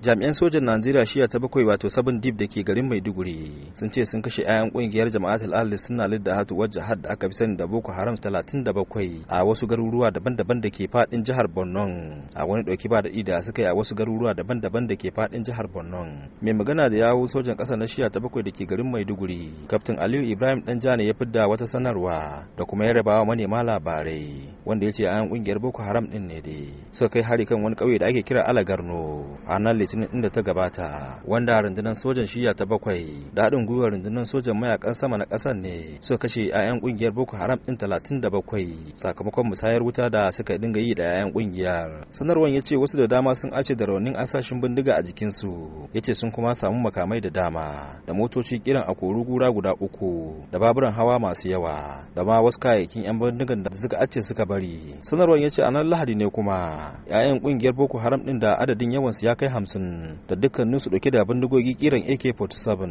jami'an sojan najeriya shiya ta bakwai wato sabon dip da ke garin maiduguri sun ce sun kashe 'ya'yan kungiyar jama'at al'adar suna lidda hatu wajen hadda aka fi sani da boko haram 37 a wasu garuruwa daban-daban da ke fadin jihar borno a wani dauki ba da ida suka yi a wasu garuruwa daban-daban da ke fadin jihar borno mai magana da yawo sojan ƙasa na shiya ta bakwai da ke garin maiduguri kaftin aliyu ibrahim dan jani ya fidda wata sanarwa da kuma ya rabawa manema labarai wanda ya ce 'ya'yan kungiyar boko haram din ne dai suka kai hari kan wani kauye da ake kira alagarno a nan litinin inda ta gabata wanda rundunar sojan shiya ta bakwai da haɗin gwiwar rundunar sojan mayakan sama na ƙasar ne suka kashe ayan kungiyar boko haram din talatin da bakwai sakamakon musayar wuta da suka dinga yi da ayan kungiyar sanarwar ya ce wasu da dama sun ace da raunin asashin bindiga a jikinsu ya ce sun kuma samu makamai da dama da motoci kiran a koru gura guda uku da baburan hawa masu yawa da ma wasu kayayyakin 'yan bindigan da suka ace suka bari bari sanarwar ya ce a nan lahadi ne kuma 'ya'yan kungiyar boko haram din da adadin yawan ya kai hamsin da dukkaninsu dauke da bindigogi kiran ak-47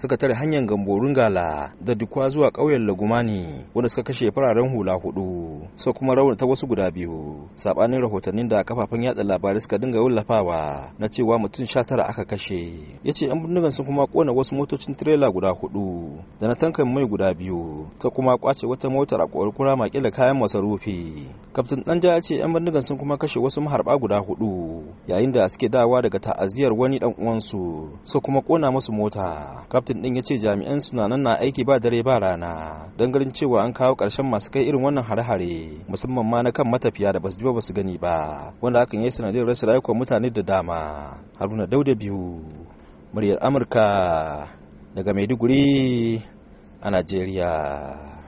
suka tare hanyar gamborun gala da dukwa zuwa ƙauyen lagumani wanda suka kashe fararen hula hudu sai kuma ta wasu guda biyu sabanin rahotannin da kafafen yada labarai suka dinga wallafawa na cewa mutum sha tara aka kashe ya ce 'yan bindigan sun kuma kona wasu motocin tirela guda hudu da na tankan mai guda biyu ta kuma kwace wata motar a kwarkura makila kayan masarufi kaftin dan ya ce yan bindigan sun kuma kashe wasu maharba guda hudu yayin da suke dawa daga ta'aziyar wani dan uwansu su kuma kona musu mota kaftin din ya ce jami'an suna nan na aiki ba dare ba rana don ganin cewa an kawo karshen masu kai irin wannan hare-hare musamman ma na kan matafiya da basu ji ba su gani ba wanda hakan ya sanadiyar rasa rayukan mutane da dama haruna dauda biyu muryar amurka daga maiduguri a najeriya